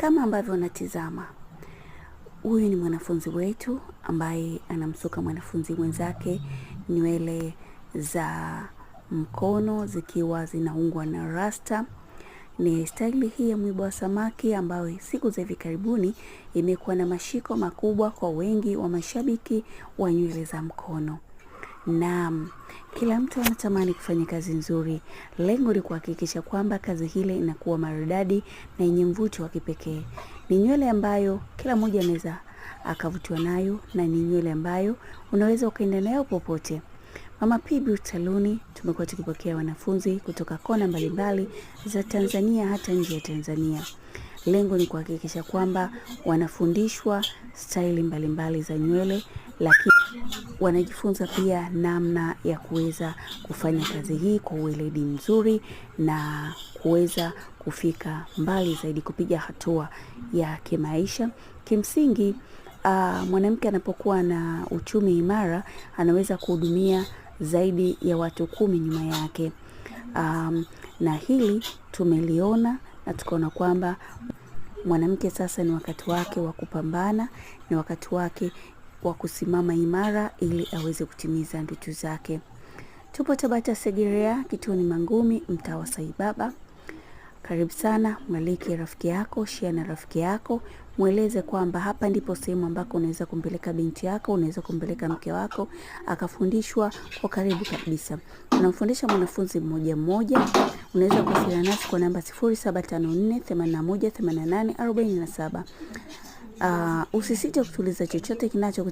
Kama ambavyo unatizama, huyu ni mwanafunzi wetu ambaye anamsuka mwanafunzi mwenzake nywele za mkono zikiwa zinaungwa na rasta. Ni staili hii ya mwibo wa samaki ambayo siku za hivi karibuni imekuwa na mashiko makubwa kwa wengi wa mashabiki wa nywele za mkono. Naam, kila mtu anatamani kufanya kazi nzuri. Lengo ni kuhakikisha kwamba kazi hile inakuwa maridadi na yenye mvuto wa kipekee. Ni nywele ambayo kila mmoja anaweza akavutiwa nayo na ni nywele ambayo unaweza ukaenda nayo popote. Mama P Beauty tumekuwa tukipokea wanafunzi kutoka kona mbalimbali za Tanzania hata nje ya Tanzania. Lengo ni kuhakikisha kwamba wanafundishwa staili mbalimbali za nywele, lakini wanajifunza pia namna ya kuweza kufanya kazi hii kwa uweledi mzuri na kuweza kufika mbali zaidi, kupiga hatua ya kimaisha. Kimsingi, uh, mwanamke anapokuwa na uchumi imara anaweza kuhudumia zaidi ya watu kumi nyuma yake. Um, na hili tumeliona na tukaona kwamba mwanamke sasa ni wakati wake wa kupambana, ni wakati wake wa kusimama imara ili aweze kutimiza ndoto zake. Tupo Tabata Segerea, kituoni Mangumi, mtaa wa Saibaba. Karibu sana, mwalike rafiki yako, shia na rafiki yako, mweleze kwamba hapa ndipo sehemu ambako unaweza kumpeleka binti yako, unaweza kumpeleka mke wako akafundishwa kwa karibu kabisa. unamfundisha mwanafunzi mmoja mmoja. Unaweza kuwasiliana nasi kwa namba 0754818847. Uh, ah, usisite kutuliza chochote kinacho